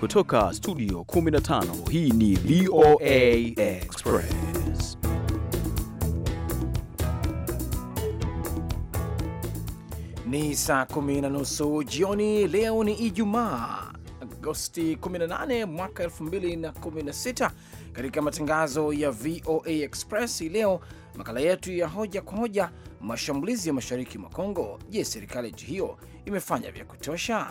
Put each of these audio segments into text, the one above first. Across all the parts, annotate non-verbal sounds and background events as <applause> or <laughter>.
Kutoka studio 15 hii ni VOA Express. Ni saa kumi na nusu jioni. Leo ni Ijumaa, Agosti 18 mwaka 2016. Katika matangazo ya VOA Express hii leo, makala yetu ya hoja kwa hoja, mashambulizi ya mashariki mwa Kongo. Je, serikali nchi hiyo imefanya vya kutosha?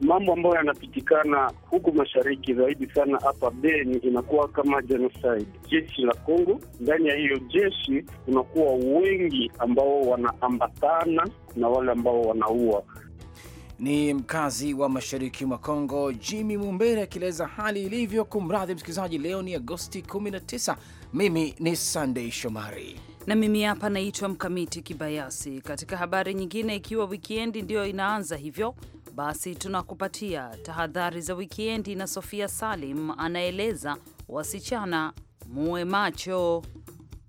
mambo ambayo yanapitikana huku mashariki zaidi sana hapa Beni inakuwa kama genocide. Jeshi la Kongo, ndani ya hiyo jeshi kunakuwa wengi ambao wanaambatana na wale ambao wanaua. Ni mkazi wa mashariki mwa Kongo, Jimmy Mumbere akieleza hali ilivyo. Kumradhi msikilizaji, leo ni Agosti 19. Mimi ni sandey Shomari na mimi hapa naitwa Mkamiti Kibayasi. Katika habari nyingine, ikiwa wikiendi ndiyo inaanza hivyo basi tunakupatia tahadhari za wikiendi na Sofia Salim anaeleza wasichana muwe macho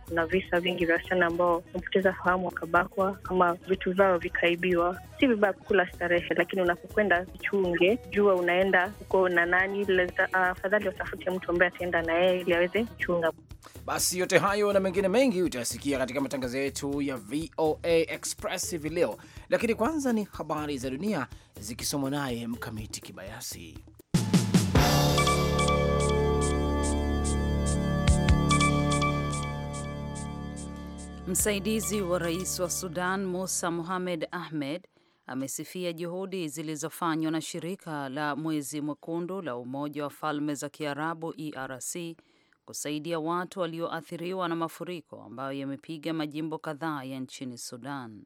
kuna visa vingi vya wasichana ambao wamepoteza fahamu wakabakwa ama vitu vyao vikaibiwa. Si vibaya kukula starehe, lakini unapokwenda chunge, jua unaenda uko na nani. Afadhali uh, watafute mtu ambaye ataenda na yeye ili aweze kuchunga. Basi yote hayo na mengine mengi utayasikia katika matangazo yetu ya VOA Express hivi leo, lakini kwanza ni habari za dunia zikisomwa naye Mkamiti Kibayasi. Msaidizi wa rais wa Sudan Musa muhamed Ahmed amesifia juhudi zilizofanywa na shirika la Mwezi Mwekundu la Umoja wa Falme za Kiarabu ERC kusaidia watu walioathiriwa na mafuriko ambayo yamepiga majimbo kadhaa ya nchini Sudan.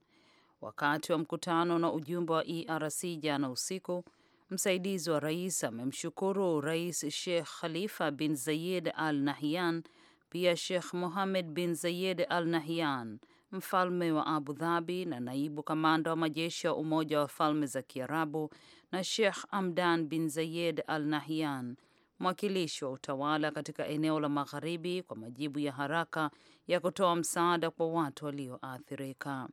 Wakati wa mkutano na ujumbe wa ERC jana usiku, msaidizi wa rais amemshukuru Rais Sheikh Khalifa bin Zayed Al Nahyan pia Sheikh Mohammed bin Zayed Al Nahyan, mfalme wa Abu Dhabi na naibu kamanda wa majeshi ya Umoja wa Falme za Kiarabu, na Sheikh amdan bin Zayed Al Nahyan, mwakilishi wa utawala katika eneo la Magharibi, kwa majibu ya haraka ya kutoa msaada kwa watu walioathirika.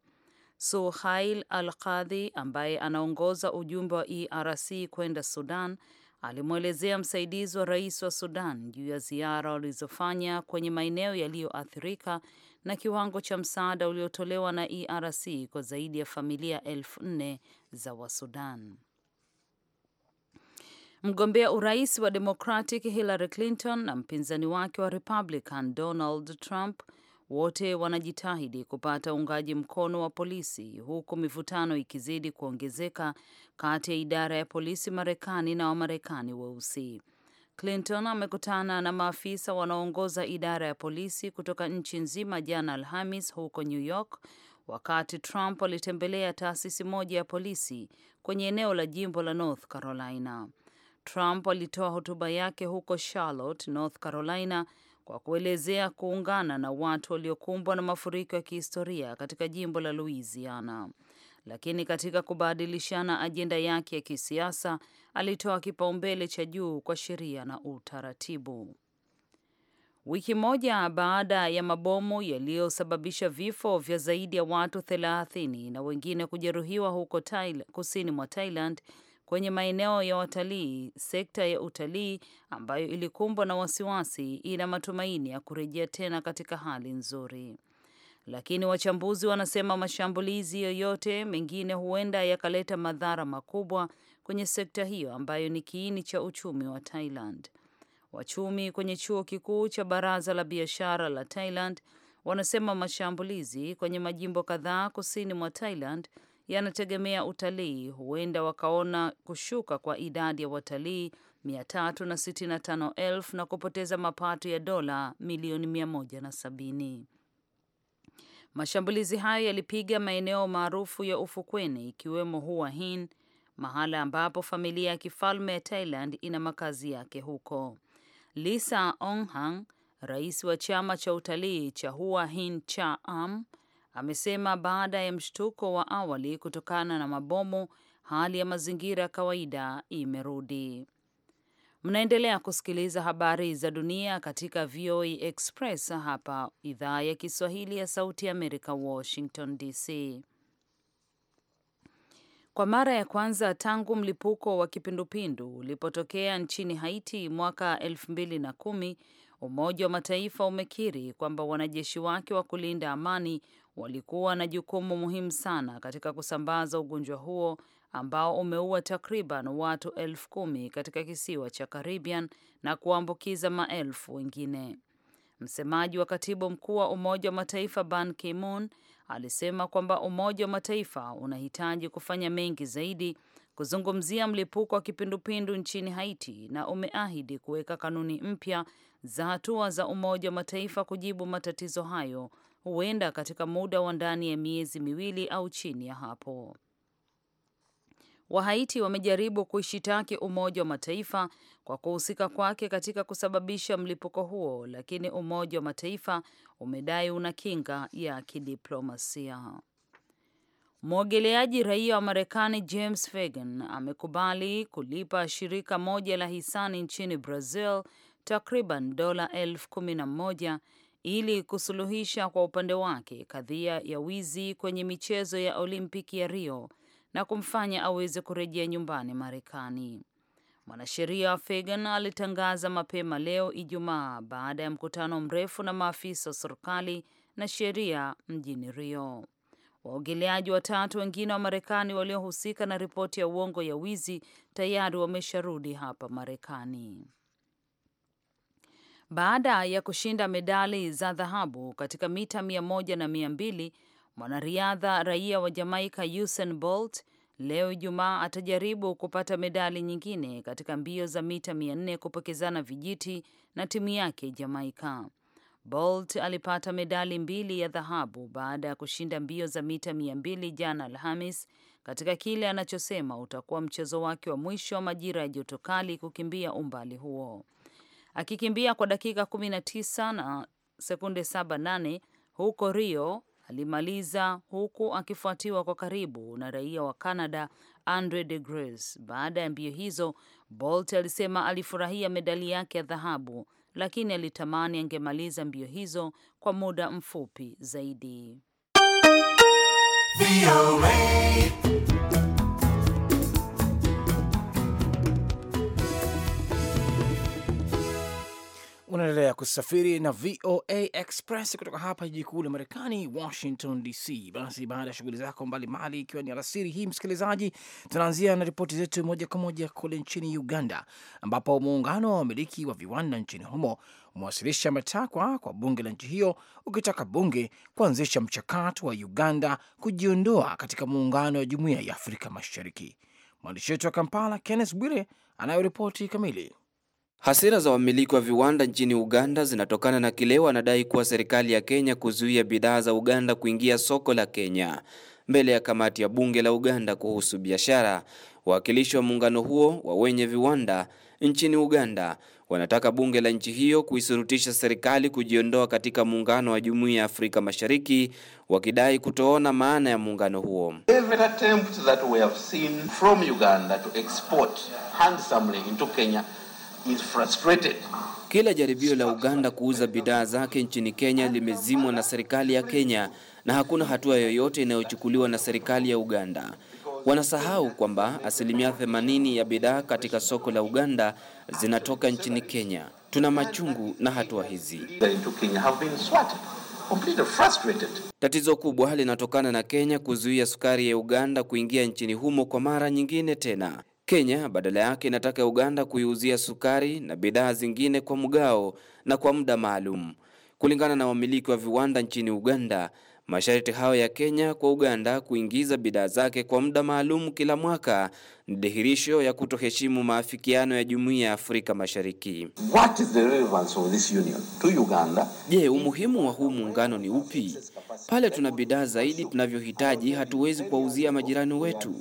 Suhail Al Qadhi ambaye anaongoza ujumbe wa ERC kwenda Sudan alimwelezea msaidizi wa rais wa Sudan juu ya ziara walizofanya kwenye maeneo yaliyoathirika na kiwango cha msaada uliotolewa na ERC kwa zaidi ya familia elfu nne za Wasudan. Mgombea urais wa Democratic Hillary Clinton na mpinzani wake wa Republican Donald Trump wote wanajitahidi kupata uungaji mkono wa polisi, huku mivutano ikizidi kuongezeka kati ya idara ya polisi Marekani na Wamarekani weusi. Clinton amekutana na maafisa wanaoongoza idara ya polisi kutoka nchi nzima jana Alhamis huko New York, wakati Trump alitembelea taasisi moja ya polisi kwenye eneo la jimbo la North Carolina. Trump alitoa hotuba yake huko Charlotte, North Carolina kwa kuelezea kuungana na watu waliokumbwa na mafuriko ya kihistoria katika jimbo la Louisiana. Lakini katika kubadilishana ajenda yake ya kisiasa, alitoa kipaumbele cha juu kwa sheria na utaratibu. Wiki moja baada ya mabomu yaliyosababisha vifo vya zaidi ya watu 30 na wengine kujeruhiwa huko Thailand, kusini mwa Thailand, kwenye maeneo ya watalii. Sekta ya utalii ambayo ilikumbwa na wasiwasi ina matumaini ya kurejea tena katika hali nzuri. Lakini wachambuzi wanasema mashambulizi yoyote mengine huenda yakaleta madhara makubwa kwenye sekta hiyo ambayo ni kiini cha uchumi wa Thailand. Wachumi kwenye chuo kikuu cha baraza la biashara la Thailand wanasema mashambulizi kwenye majimbo kadhaa kusini mwa Thailand yanategemea utalii, huenda wakaona kushuka kwa idadi ya watalii 365,000 na kupoteza mapato ya dola milioni 170. Mashambulizi hayo yalipiga maeneo maarufu ya ufukweni ikiwemo Hua Hin, mahala ambapo familia ya kifalme ya Thailand ina makazi yake huko. Lisa Onghang, rais wa chama cha utalii cha Hua Hin Cha Am, amesema baada ya mshtuko wa awali kutokana na mabomu, hali ya mazingira ya kawaida imerudi. Mnaendelea kusikiliza habari za dunia katika VOA e Express hapa idhaa ya Kiswahili ya Sauti ya Amerika, Washington DC. Kwa mara ya kwanza tangu mlipuko wa kipindupindu ulipotokea nchini Haiti mwaka elfu mbili na kumi, Umoja wa Mataifa umekiri kwamba wanajeshi wake wa kulinda amani walikuwa na jukumu muhimu sana katika kusambaza ugonjwa huo ambao umeua takriban watu elfu kumi katika kisiwa cha Caribbean na kuambukiza maelfu wengine. Msemaji wa katibu mkuu wa Umoja wa Mataifa Ban Ki-moon alisema kwamba Umoja wa Mataifa unahitaji kufanya mengi zaidi kuzungumzia mlipuko wa kipindupindu nchini Haiti na umeahidi kuweka kanuni mpya za hatua za Umoja wa Mataifa kujibu matatizo hayo huenda katika muda wa ndani ya miezi miwili au chini ya hapo. Wahaiti wamejaribu kuishitaki Umoja wa Mataifa kwa kuhusika kwake katika kusababisha mlipuko huo, lakini Umoja wa Mataifa umedai una kinga ya kidiplomasia. Mwogeleaji raia wa Marekani James Fagan amekubali kulipa shirika moja la hisani nchini Brazil takriban dola elfu kumi na moja ili kusuluhisha kwa upande wake kadhia ya wizi kwenye michezo ya Olimpiki ya Rio na kumfanya aweze kurejea nyumbani Marekani. Mwanasheria Fagan alitangaza mapema leo Ijumaa baada ya mkutano mrefu na maafisa wa serikali na sheria mjini Rio. Waogeleaji watatu wengine wa Marekani waliohusika na ripoti ya uongo ya wizi tayari wamesharudi hapa Marekani. Baada ya kushinda medali za dhahabu katika mita mia moja na mia mbili, mwanariadha raia wa Jamaika Usain Bolt leo Ijumaa atajaribu kupata medali nyingine katika mbio za mita mia nne kupokezana vijiti na timu yake Jamaika. Bolt alipata medali mbili ya dhahabu baada ya kushinda mbio za mita mia mbili jana Alhamis katika kile anachosema utakuwa mchezo wake wa mwisho wa majira ya joto kali kukimbia umbali huo akikimbia kwa dakika 19 na sekunde 78 huko Rio alimaliza huku akifuatiwa kwa karibu na raia wa Canada Andre de Greus. Baada ya mbio hizo, Bolt alisema alifurahia medali yake ya dhahabu, lakini alitamani angemaliza mbio hizo kwa muda mfupi zaidi. Unaendelea kusafiri na VOA Express kutoka hapa jiji kuu la Marekani, Washington DC. Basi baada ya shughuli zako mbalimbali, ikiwa ni alasiri hii, msikilizaji, tunaanzia na ripoti zetu moja kwa moja kule nchini Uganda, ambapo muungano wa wamiliki wa viwanda nchini humo umewasilisha matakwa kwa bunge la nchi hiyo, ukitaka bunge kuanzisha mchakato wa Uganda kujiondoa katika muungano wa jumuiya ya Afrika Mashariki. Mwandishi wetu wa Kampala, Kenneth Bwire, anayoripoti kamili. Hasira za wamiliki wa viwanda nchini Uganda zinatokana na kile wanadai kuwa serikali ya Kenya kuzuia bidhaa za Uganda kuingia soko la Kenya. Mbele ya kamati ya bunge la Uganda kuhusu biashara, wawakilishi wa muungano huo wa wenye viwanda nchini Uganda wanataka bunge la nchi hiyo kuisurutisha serikali kujiondoa katika muungano wa Jumuiya ya Afrika Mashariki, wakidai kutoona maana ya muungano huo is frustrated. Kila jaribio la Uganda kuuza bidhaa zake nchini Kenya limezimwa na serikali ya Kenya na hakuna hatua yoyote inayochukuliwa na serikali ya Uganda. Wanasahau kwamba asilimia 80 ya bidhaa katika soko la Uganda zinatoka nchini Kenya. Tuna machungu na hatua hizi. Tatizo kubwa linatokana na Kenya kuzuia sukari ya Uganda kuingia nchini humo kwa mara nyingine tena. Kenya badala yake inataka Uganda kuiuzia sukari na bidhaa zingine kwa mgao na kwa muda maalum. Kulingana na wamiliki wa viwanda nchini Uganda, masharti hayo ya Kenya kwa Uganda kuingiza bidhaa zake kwa muda maalum kila mwaka ni dhihirisho ya kutoheshimu maafikiano ya Jumuiya ya Afrika Mashariki. What is the relevance of this union to Uganda? Je, umuhimu wa huu muungano ni upi? Pale tuna bidhaa zaidi tunavyohitaji, hatuwezi kuwauzia majirani wetu.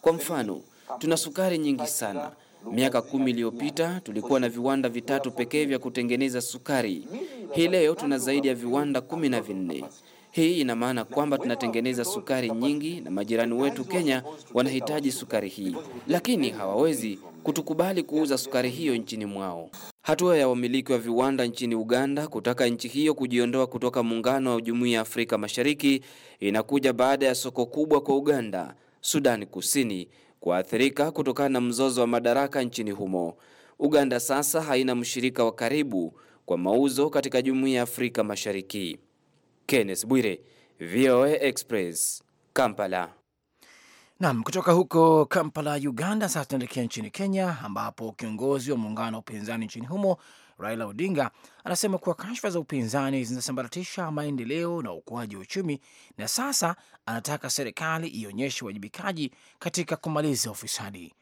Kwa mfano tuna sukari nyingi sana. Miaka kumi iliyopita tulikuwa na viwanda vitatu pekee vya kutengeneza sukari. Hii leo tuna zaidi ya viwanda kumi na vinne. Hii ina maana kwamba tunatengeneza sukari nyingi na majirani wetu Kenya wanahitaji sukari hii, lakini hawawezi kutukubali kuuza sukari hiyo nchini mwao. Hatua ya wamiliki wa viwanda nchini Uganda kutaka nchi hiyo kujiondoa kutoka muungano wa Jumuiya ya Afrika Mashariki inakuja baada ya soko kubwa kwa Uganda, Sudani Kusini kuathirika kutokana na mzozo wa madaraka nchini humo. Uganda sasa haina mshirika wa karibu kwa mauzo katika Jumuiya ya Afrika Mashariki. Kenneth Bwire, VOA Express, Kampala. Nam kutoka huko Kampala, Uganda. Sasa tunaelekea nchini Kenya, ambapo kiongozi wa muungano wa upinzani nchini humo Raila Odinga anasema kuwa kashfa za upinzani zinasambaratisha maendeleo na ukuaji wa uchumi, na sasa anataka serikali ionyeshe uwajibikaji katika kumaliza ufisadi.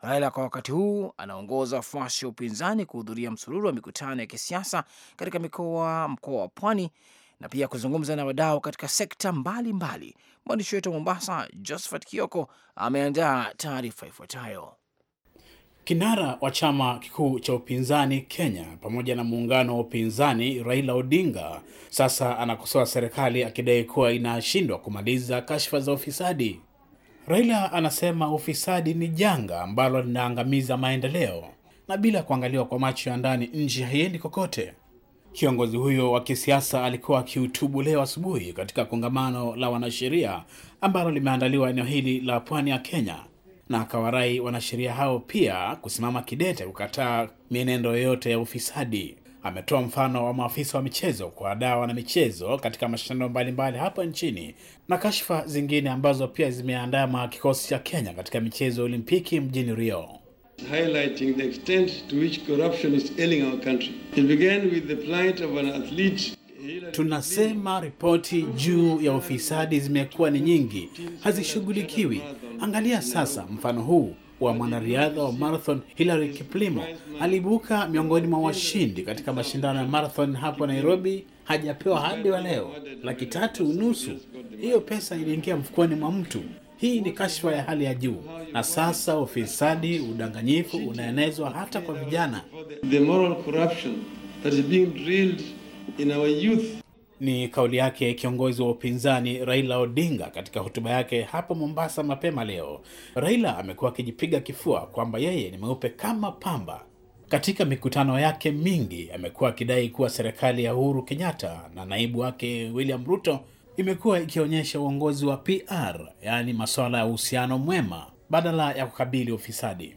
Raila kwa wakati huu anaongoza wafuasi wa upinzani kuhudhuria msururu wa mikutano ya kisiasa katika mikoa mkoa wa Pwani na pia kuzungumza na wadau katika sekta mbalimbali. Mwandishi wetu wa Mombasa, Josephat Kioko, ameandaa taarifa ifuatayo. Kinara wa chama kikuu cha upinzani Kenya pamoja na muungano wa upinzani Raila Odinga sasa anakosoa serikali akidai kuwa inashindwa kumaliza kashfa za ufisadi. Raila anasema ufisadi ni janga ambalo linaangamiza maendeleo na bila kuangaliwa kwa macho ya ndani, nchi haiendi kokote. Kiongozi huyo wa kisiasa alikuwa akihutubu leo asubuhi katika kongamano la wanasheria ambalo limeandaliwa eneo hili la pwani ya Kenya, na akawarai wanasheria hao pia kusimama kidete kukataa mienendo yoyote ya ufisadi. Ametoa mfano wa maafisa wa michezo kwa dawa na michezo katika mashindano mbalimbali hapa nchini na kashfa zingine ambazo pia zimeandama kikosi cha Kenya katika michezo ya Olimpiki mjini Rio highlighting the extent to which corruption is ailing our country. It began with the plight of an athlete Tunasema ripoti juu ya ufisadi zimekuwa ni nyingi, hazishughulikiwi. Angalia sasa mfano huu wa mwanariadha wa marathon Hillary Kiplimo aliibuka miongoni mwa washindi katika mashindano ya marathon hapo Nairobi, hajapewa hadi wa leo laki tatu unusu. Hiyo pesa iliingia mfukoni mwa mtu hii ni kashfa ya hali ya juu, na sasa ufisadi, udanganyifu unaenezwa hata kwa vijana. The moral corruption that is being drilled in our youth. Ni kauli yake kiongozi wa upinzani Raila Odinga katika hotuba yake hapo Mombasa mapema leo. Raila amekuwa akijipiga kifua kwamba yeye ni mweupe kama pamba. Katika mikutano yake mingi amekuwa akidai kuwa serikali ya Uhuru Kenyatta na naibu wake William Ruto imekuwa ikionyesha uongozi wa PR, yaani masuala ya uhusiano mwema badala ya kukabili ufisadi.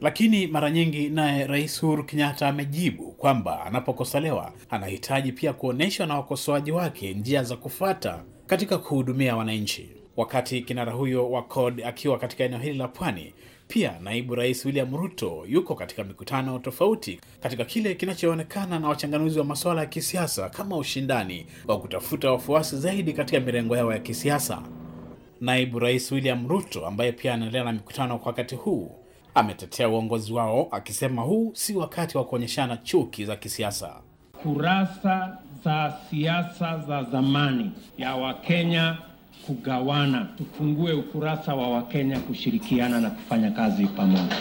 Lakini mara nyingi naye Rais Uhuru Kenyatta amejibu kwamba anapokosolewa anahitaji pia kuonyeshwa na wakosoaji wake njia za kufuata katika kuhudumia wananchi. Wakati kinara huyo wa CORD akiwa katika eneo hili la Pwani, pia naibu rais William Ruto yuko katika mikutano tofauti katika kile kinachoonekana na wachanganuzi wa masuala ya kisiasa kama ushindani wa kutafuta wafuasi zaidi katika mirengo yao ya kisiasa. Naibu rais William Ruto ambaye pia anaendelea na mikutano kwa wakati huu ametetea uongozi wao akisema huu si wakati wa kuonyeshana chuki za kisiasa. Kurasa za siasa za zamani ya Wakenya kugawana, tufungue ukurasa wa Wakenya kushirikiana na kufanya kazi pamoja.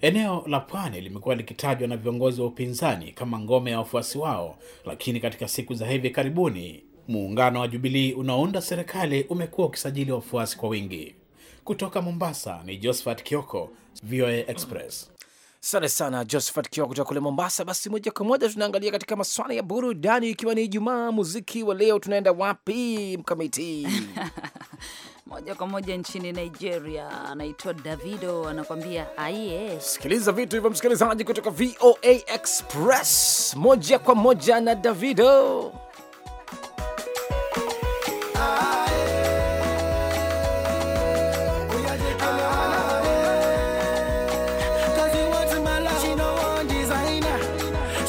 Eneo la pwani limekuwa likitajwa na viongozi wa upinzani kama ngome ya wafuasi wao, lakini katika siku za hivi karibuni muungano wa Jubilii unaounda serikali umekuwa ukisajili wafuasi kwa wingi. Kutoka Mombasa ni Josephat Kioko, VOA Express. Asante sana Josephat Kiwa kutoka kule Mombasa. Basi moja kwa moja tunaangalia katika maswala ya burudani, ikiwa ni Ijumaa. Muziki wa leo tunaenda wapi, Mkamiti? <laughs> moja kwa moja nchini Nigeria, anaitwa Davido anakuambia aiye. Sikiliza vitu hivyo, msikilizaji, kutoka VOA Express, moja kwa moja na Davido ah.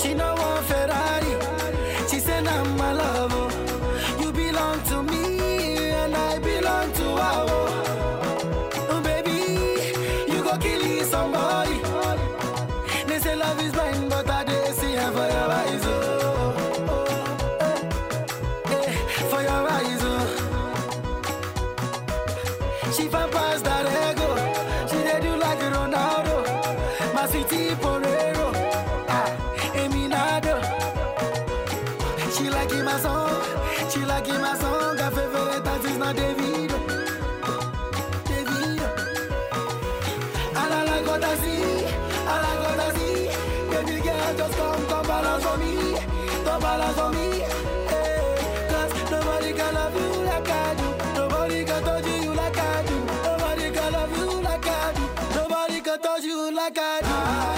She know eyes on me. Cause nobody can love you like I do. Nobody can touch you like I do. Nobody can love you like I do. Nobody can touch you like I do.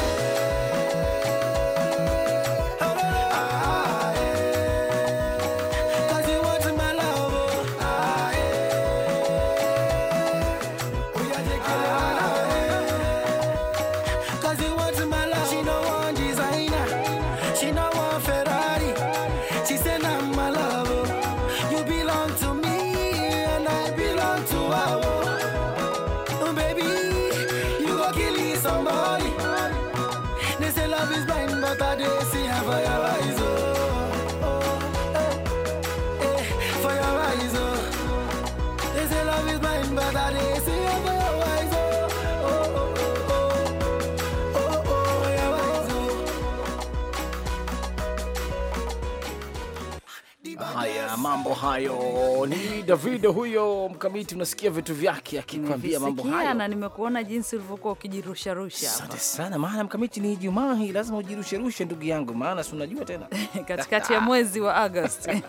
David huyo mkamiti, unasikia vitu vyake akikwambia mambo hayo, na nimekuona jinsi ulivyokuwa ukijirusharusha. Asante sana, maana mkamiti ni Ijumaa hii lazima ujirusherushe ndugu yangu, maana si unajua tena <laughs> katikati ya mwezi wa Agosti. <laughs>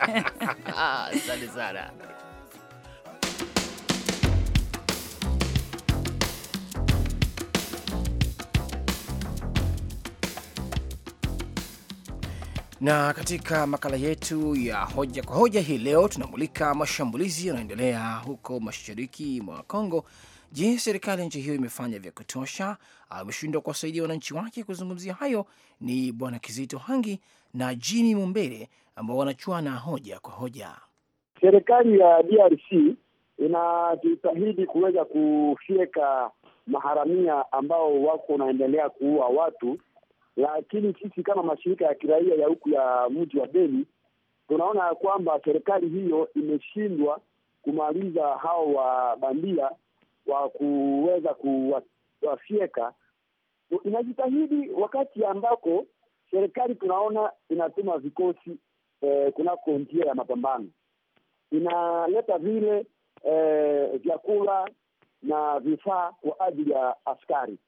Asante sana. Na katika makala yetu ya hoja kwa hoja hii leo tunamulika mashambulizi yanayoendelea huko mashariki mwa Kongo. Je, serikali ya nchi hiyo imefanya vya kutosha ameshindwa kuwasaidia wananchi wake? Kuzungumzia hayo ni Bwana Kizito Hangi na jini Mumbere ambao wanachuana hoja kwa hoja. Serikali ya DRC inajitahidi kuweza kufyeka maharamia ambao wako unaendelea kuua watu lakini sisi kama mashirika ya kiraia ya huku ya mji wa Beni tunaona ya kwamba serikali hiyo imeshindwa kumaliza hao wabandia wa kuweza kuwafyeka. Inajitahidi wakati ambako serikali tunaona inatuma vikosi eh, kunako njia ya mapambano, inaleta vile eh, vyakula na vifaa kwa ajili ya askari,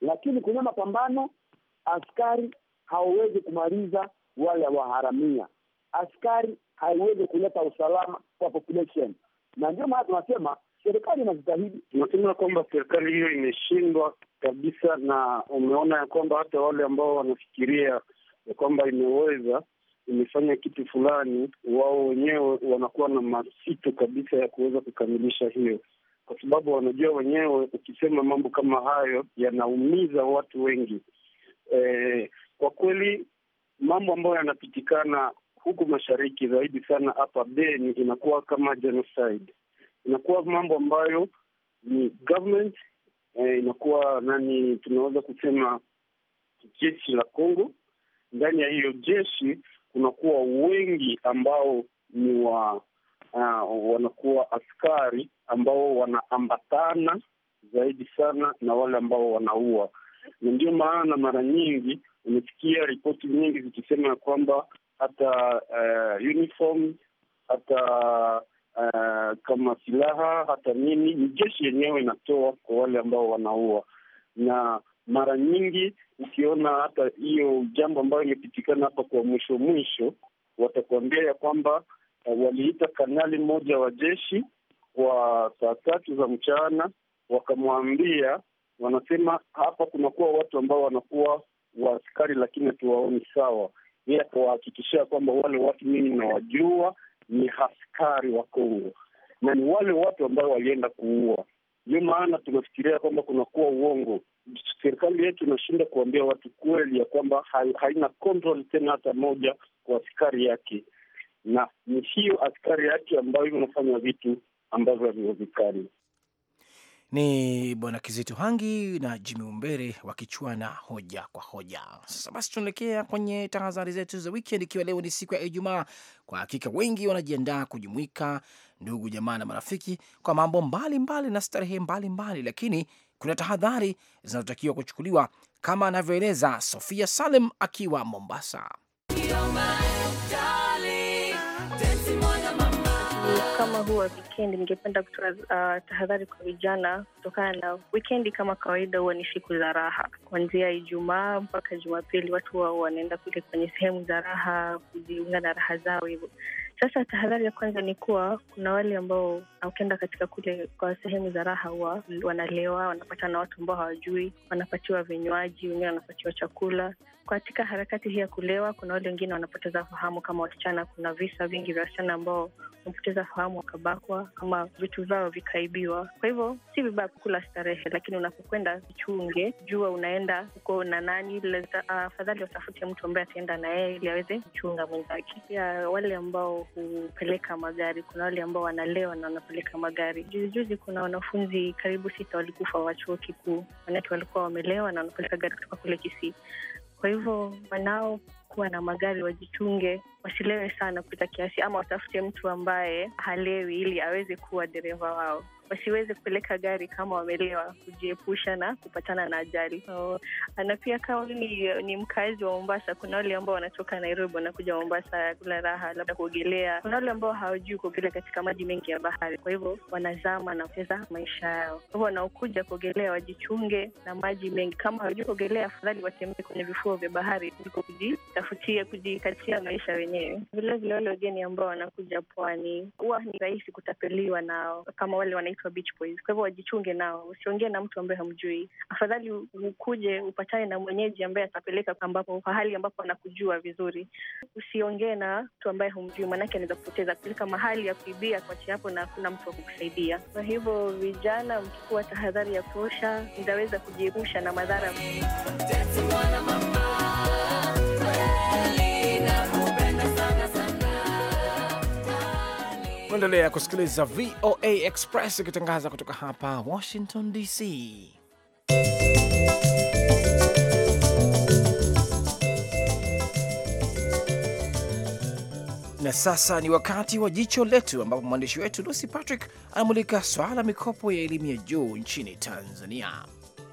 lakini kwenye mapambano Askari hauwezi kumaliza wale waharamia, askari haiwezi kuleta usalama kwa population, na ndio maana tunasema serikali inajitahidi. Tunasema kwamba serikali hiyo imeshindwa kabisa, na umeona ya kwamba hata wale ambao wanafikiria ya kwamba imeweza imefanya kitu fulani, wao wenyewe wanakuwa na masito kabisa ya kuweza kukamilisha hiyo, kwa sababu wanajua wenyewe, ukisema mambo kama hayo yanaumiza watu wengi. E, kwa kweli mambo ambayo yanapitikana huku mashariki zaidi sana hapa Beni inakuwa kama genocide, inakuwa mambo ambayo ni government e, inakuwa nani, tunaweza kusema jeshi la congo Ndani ya hiyo jeshi kunakuwa wengi ambao ni wa uh, wanakuwa askari ambao wanaambatana zaidi sana na wale ambao wanaua na ndio maana mara nyingi umesikia ripoti nyingi zikisema ya kwamba hata uh, uniform hata uh, kama silaha hata nini ni jeshi yenyewe inatoa kwa wale ambao wanaua, na mara nyingi ukiona hata hiyo jambo ambayo imepitikana hapa kwa mwisho mwisho, watakuambia ya kwamba uh, waliita kanali mmoja wa jeshi kwa saa tatu za mchana, wakamwambia wanasema hapa kunakuwa watu ambao wanakuwa waaskari, lakini hatuwaoni sawa. Yeye akawahakikishia kwamba wale watu mimi nawajua ni askari wa Kongo na ni wale watu ambao walienda kuua. Ndio maana tunafikiria kwamba kunakuwa uongo. Serikali yetu inashinda kuambia watu kweli ya kwamba haina control tena hata moja kwa askari yake, na ni hiyo askari yake ambayo inafanya vitu ambavyo haviwezekani ni bwana Kizito Hangi na jimi Umbere wakichuana hoja kwa hoja. Sasa basi, tunaelekea kwenye tahadhari zetu za wikend, ikiwa leo ni siku ya Ijumaa. Kwa hakika wengi wanajiandaa kujumuika, ndugu jamaa na marafiki, kwa mambo mbalimbali mbali na starehe mbalimbali, lakini kuna tahadhari zinazotakiwa kuchukuliwa kama anavyoeleza Sofia Salem akiwa Mombasa kama huu wa wikendi, ningependa kutoa uh, tahadhari kwa vijana kutokana na wikendi. Kama kawaida, huwa ni siku za raha, kuanzia Ijumaa mpaka Jumapili, watu wao wanaenda kule kwenye sehemu za raha kujiunga na raha zao hivyo sasa tahadhari ya kwanza ni kuwa kuna wale ambao ukienda katika kule kwa sehemu za raha huwa wanalewa, wanapatana na watu ambao hawajui, wanapatiwa vinywaji, wengine wanapatiwa chakula. Katika harakati hii ya kulewa, kuna wale wengine wanapoteza fahamu kama wasichana. Kuna visa vingi vya wasichana ambao wamepoteza fahamu wakabakwa, ama vitu vyao vikaibiwa. Kwa hivyo si vibaya kukula starehe, lakini unapokwenda chunge, jua unaenda uko na nani. Ah, afadhali watafute mtu ambaye ataenda na yeye ili aweze kuchunga mwenzake. Wale ambao kupeleka magari, kuna wale ambao wanalewa na wanapeleka magari. Juzijuzi kuna wanafunzi karibu sita walikufa wa chuo kikuu, manake walikuwa wamelewa na wanapeleka gari kutoka kule Kisii. Kwa hivyo wanao kuwa na magari wajichunge, wasilewe sana kupita kiasi, ama watafute mtu ambaye halewi ili aweze kuwa dereva wao wasiweze kupeleka gari kama wamelewa, kujiepusha na kupatana na ajali. So, na pia kama ni, ni mkazi wa Mombasa, kuna wale ambao wanatoka Nairobi wanakuja Mombasa kula raha, labda kuogelea. Kuna wale ambao hawajui kuogelea katika maji mengi ya bahari, kwa hivyo wanazama na kupoteza maisha yao. Kwa hivyo wanaokuja kuogelea wajichunge na maji mengi. Kama hawajui kuogelea, afadhali watembee kwenye vifuo vya bahari kuliko kujitafutia, kujikatia maisha wenyewe. Vilevile wale wageni ambao wanakuja pwani, huwa ni rahisi kutapeliwa nao, kama wale wana inaitwa beach boys. Kwa hivyo wajichunge nao, usiongee na mtu ambaye hamjui. Afadhali ukuje upatane na mwenyeji ambaye atapeleka ambapo pahali ambapo anakujua vizuri. Usiongee na mtu ambaye humjui, maanake anaweza kupoteza kupeleka mahali ya kuibia, kuachi hapo na hakuna mtu wa kukusaidia. Kwa hivyo, vijana, mkikuwa tahadhari ya kutosha, mtaweza kujiepusha na madhara. Unaendelea kusikiliza VOA Express ikitangaza kutoka hapa Washington DC. Na sasa ni wakati wa jicho letu, ambapo mwandishi wetu Lucy Patrick anamulika swala la mikopo ya elimu ya juu nchini Tanzania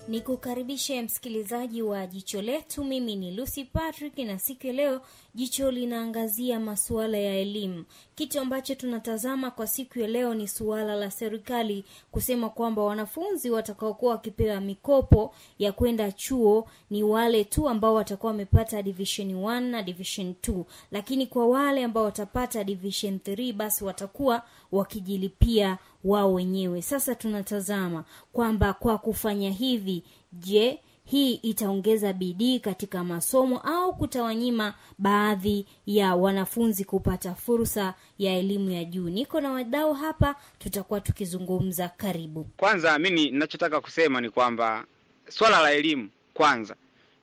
ni kukaribishe msikilizaji wa jicho letu mimi ni lucy patrick na siku ya leo jicho linaangazia masuala ya elimu kitu ambacho tunatazama kwa siku ya leo ni suala la serikali kusema kwamba wanafunzi watakaokuwa wakipewa mikopo ya kwenda chuo ni wale tu ambao watakuwa wamepata division 1 na division 2 lakini kwa wale ambao watapata division 3 basi watakuwa wakijilipia wao wenyewe sasa tunatazama kwamba kwa kufanya hivi je hii itaongeza bidii katika masomo au kutawanyima baadhi ya wanafunzi kupata fursa ya elimu ya juu niko na wadau hapa tutakuwa tukizungumza karibu kwanza mimi ninachotaka kusema ni kwamba swala la elimu kwanza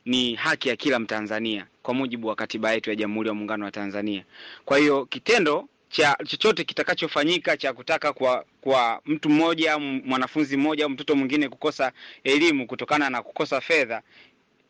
ni haki ya kila mtanzania kwa mujibu wa katiba yetu ya jamhuri ya muungano wa tanzania kwa hiyo kitendo cha chochote kitakachofanyika cha kutaka kwa kwa mtu mmoja au mwanafunzi mmoja au mtoto mwingine kukosa elimu kutokana na kukosa fedha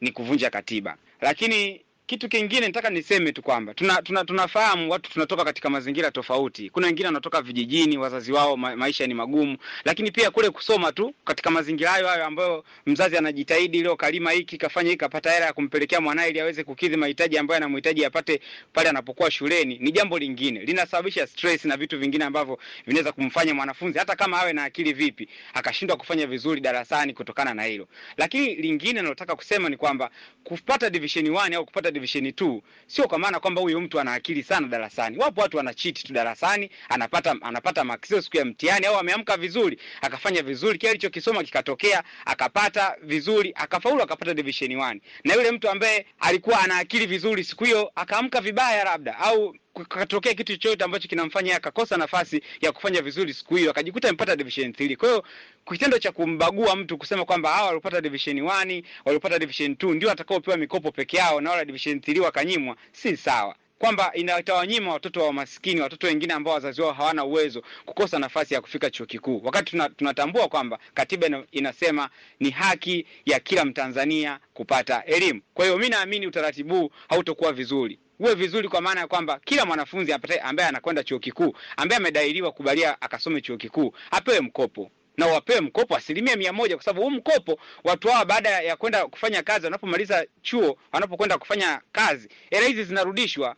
ni kuvunja katiba, lakini kitu kingine nataka niseme tu kwamba tuna, tuna, tunafahamu watu tunatoka katika mazingira tofauti. Kuna wengine wanatoka vijijini, wazazi wao ma, maisha ni magumu, lakini pia kule kusoma tu katika mazingira hayo hayo ambayo mzazi anajitahidi leo kalima hiki kafanya hiki kapata hela ya kumpelekea mwanae ili aweze kukidhi mahitaji ambayo anamhitaji apate pale anapokuwa shuleni, ni jambo lingine linasababisha stress na vitu vingine ambavyo vinaweza kumfanya mwanafunzi hata kama awe na akili vipi akashindwa kufanya vizuri darasani kutokana na hilo. Lakini lingine nalotaka kusema ni kwamba kupata division 1 au kupata division televisheni tu, sio kwa maana kwamba huyo mtu ana akili sana darasani. Wapo watu wana chiti tu darasani, anapata anapata maksio siku ya mtihani, au ameamka vizuri akafanya vizuri kile alichokisoma kikatokea, akapata vizuri, akafaulu, akapata division 1. Na yule mtu ambaye alikuwa ana akili vizuri siku hiyo akaamka vibaya labda au kukatokea kitu chochote ambacho kinamfanya akakosa nafasi ya kufanya vizuri siku hiyo, akajikuta amepata division 3. Kwa hiyo kitendo cha kumbagua mtu kusema kwamba hawa walipata division 1, walipata division 2 ndio atakaopewa mikopo peke yao na wala division 3 wakanyimwa, si sawa kwamba inatawanyima watoto wa maskini, watoto wengine ambao wazazi wao hawana uwezo kukosa nafasi ya kufika chuo kikuu, wakati tunatambua kwamba katiba inasema ni haki ya kila Mtanzania kupata elimu. Kwa hiyo mi naamini utaratibu huu hautokuwa vizuri uwe vizuri, kwa maana ya kwamba kila mwanafunzi ambaye anakwenda chuo kikuu ambaye amedairiwa kubalia akasome chuo kikuu apewe mkopo na wapewe mkopo asilimia mia moja kwa sababu huu mkopo watu hawa baada ya kwenda kufanya kazi, wanapomaliza chuo, wanapokwenda kufanya kazi, hela hizi zinarudishwa.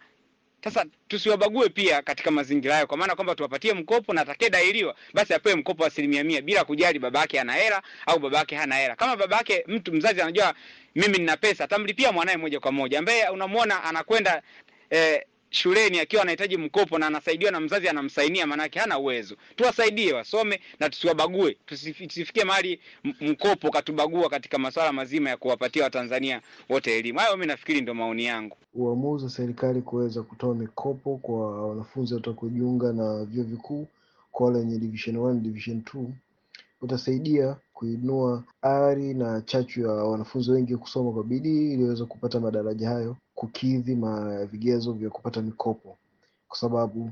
Sasa tusiwabague pia katika mazingira hayo, kwa maana kwamba tuwapatie mkopo na atakayedairiwa basi apewe mkopo wa asilimia mia bila kujali yake ana hela au yake hana hela. Kama baba yake mtu mzazi anajua mimi nina pesa, atamlipia mwanae moja kwa moja, ambaye unamwona anakwenda eh, shuleni akiwa anahitaji mkopo na anasaidiwa na mzazi anamsainia, maanake hana uwezo. Tuwasaidie wasome na tusiwabague, tusifikie mahali mkopo katubagua katika masuala mazima ya kuwapatia Watanzania wote elimu. Hayo mimi nafikiri ndio maoni yangu. Uamuzi wa serikali kuweza kutoa mikopo kwa wanafunzi kujiunga na vyuo vikuu kwa wale wenye division 1, division 2 utasaidia kuinua ari na chachu ya wanafunzi wengi kusoma kwa bidii ili waweze kupata madaraja hayo, kukidhi vigezo vya kupata mikopo, kwa sababu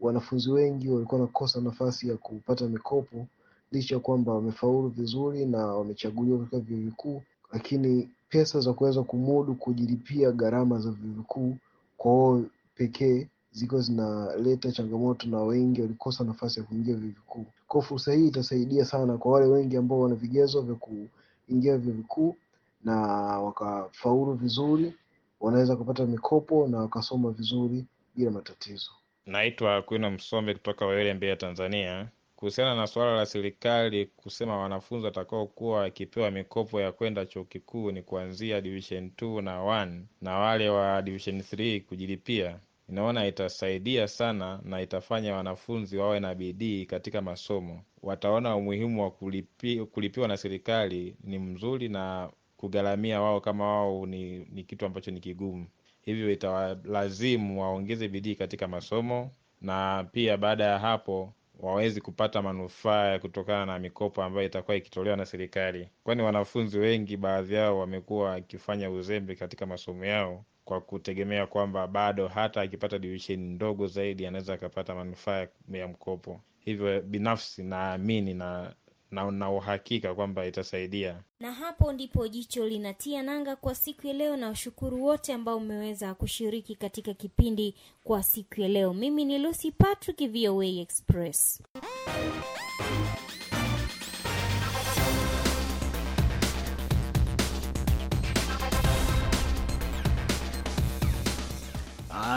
wanafunzi wengi walikuwa wanakosa nafasi ya kupata mikopo licha ya kwamba wamefaulu vizuri na wamechaguliwa katika vyuo vikuu, lakini pesa za kuweza kumudu kujilipia gharama za vyuo vikuu kwao pekee zilikuwa zinaleta changamoto na wengi walikosa nafasi ya kuingia vyuo vikuu. Kwa fursa hii itasaidia sana kwa wale wengi ambao wana vigezo vya kuingia vyuo vikuu na wakafaulu vizuri, wanaweza kupata mikopo na wakasoma vizuri bila matatizo. Naitwa Kwino Msombe kutoka Wawele Mbeya, Tanzania. Kuhusiana na suala la serikali kusema wanafunzi watakaokuwa wakipewa mikopo ya kwenda chuo kikuu ni kuanzia division 2 na 1 na wale wa division 3 kujilipia inaona itasaidia sana na itafanya wanafunzi wawe na bidii katika masomo. Wataona umuhimu wa kulipi, kulipiwa na serikali ni mzuri na kugharamia wao kama wao ni, ni kitu ambacho ni kigumu, hivyo itawalazimu waongeze bidii katika masomo na pia baada ya hapo wawezi kupata manufaa ya kutokana na mikopo ambayo itakuwa ikitolewa na serikali, kwani wanafunzi wengi baadhi yao wamekuwa wakifanya uzembe katika masomo yao kwa kutegemea kwamba bado hata akipata divisheni ndogo zaidi anaweza akapata manufaa ya mkopo. Hivyo binafsi naamini na na na uhakika kwamba itasaidia. Na hapo ndipo jicho linatia nanga kwa siku ya leo, na washukuru wote ambao umeweza kushiriki katika kipindi kwa siku ya leo. Mimi ni Lucy Patrick, VOA Express.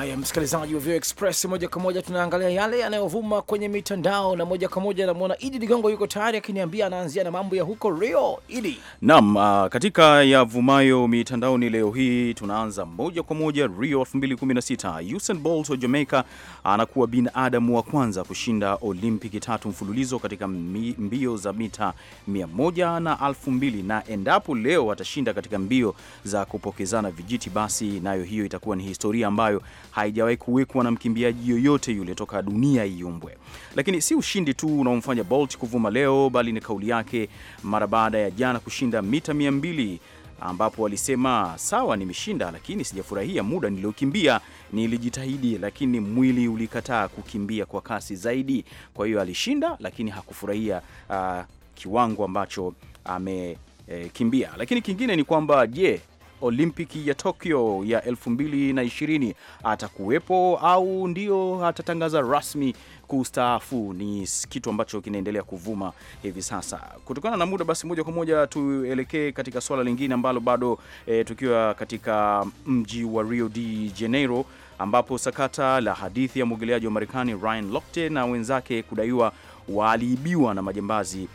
Haya, msikilizaji wa Vio Express, moja kwa moja tunaangalia yale yanayovuma kwenye mitandao, na moja kwa moja namwona Idi Ligongo yuko tayari akiniambia, anaanzia na mambo ya huko Rio. Idi nam, ah, katika yavumayo mitandaoni leo hii tunaanza moja kwa moja Rio 2016. Usain Bolt wa Jamaica anakuwa binadamu wa kwanza kushinda Olimpiki tatu mfululizo katika mbio za mita 100 na 2000, na endapo leo atashinda katika mbio za kupokezana vijiti, basi nayo hiyo itakuwa ni historia ambayo haijawahi kuwekwa na mkimbiaji yoyote yule toka dunia iumbwe. Lakini si ushindi tu unaomfanya Bolt kuvuma leo, bali ni kauli yake mara baada ya jana kushinda mita 200 ambapo alisema sawa, nimeshinda, lakini sijafurahia muda niliokimbia. Nilijitahidi, lakini mwili ulikataa kukimbia kwa kasi zaidi. Kwa hiyo alishinda, lakini hakufurahia uh, kiwango ambacho amekimbia. Lakini kingine ni kwamba je, Olimpiki ya Tokyo ya 2020 atakuwepo au ndio atatangaza rasmi kustaafu? Ni kitu ambacho kinaendelea kuvuma hivi sasa. Kutokana na muda, basi moja kwa moja tuelekee katika swala lingine ambalo bado e, tukiwa katika mji wa Rio de Janeiro ambapo sakata la hadithi ya mwogeleaji wa Marekani Ryan Lochte na wenzake kudaiwa waliibiwa na majambazi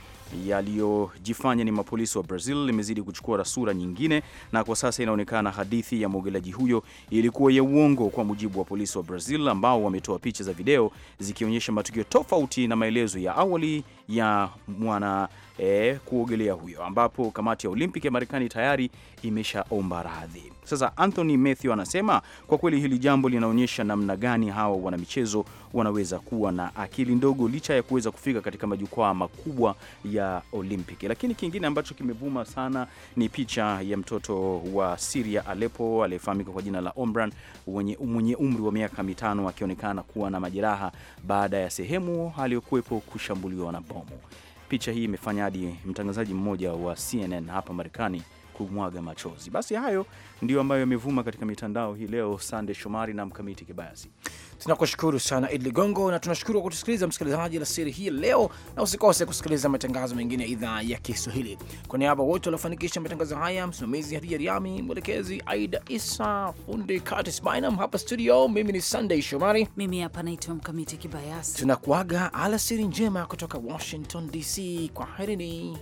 yaliyojifanya ni mapolisi wa Brazil limezidi kuchukua sura nyingine, na kwa sasa inaonekana hadithi ya mwogelaji huyo ilikuwa ya uongo, kwa mujibu wa polisi wa Brazil ambao wametoa picha za video zikionyesha matukio tofauti na maelezo ya awali ya mwana e, kuogelea huyo, ambapo kamati ya Olimpiki ya Marekani tayari imeshaomba radhi. Sasa Anthony Matthew anasema kwa kweli hili jambo linaonyesha namna gani hawa wanamichezo wanaweza kuwa na akili ndogo licha ya kuweza kufika katika majukwaa makubwa ya Olimpiki. Lakini kingine ambacho kimevuma sana ni picha ya mtoto wa Siria Aleppo aliyefahamika kwa jina la Omran mwenye umri wa miaka mitano akionekana kuwa na majeraha baada ya sehemu aliyokuwepo kushambuliwa na bomu. Picha hii imefanya hadi mtangazaji mmoja wa CNN hapa Marekani kumwaga machozi. Basi hayo ndiyo ambayo yamevuma katika mitandao hii leo. Sande Shomari na Mkamiti Kibayasi, tunakushukuru sana Id Ligongo, na tunashukuru kwa kutusikiliza msikilizaji alasiri hii leo, na usikose kusikiliza matangazo mengine ya idhaa ya Kiswahili. Kwa niaba wote waliofanikisha matangazo haya, msimamizi Hadija Riami, mwelekezi Aida Isa, fundi Curtis Bynum hapa studio, mimi ni Sandey Shomari, mimi hapa naitwa Mkamiti Kibayasi. Tunakuaga alasiri njema kutoka Washington DC. Kwaherini.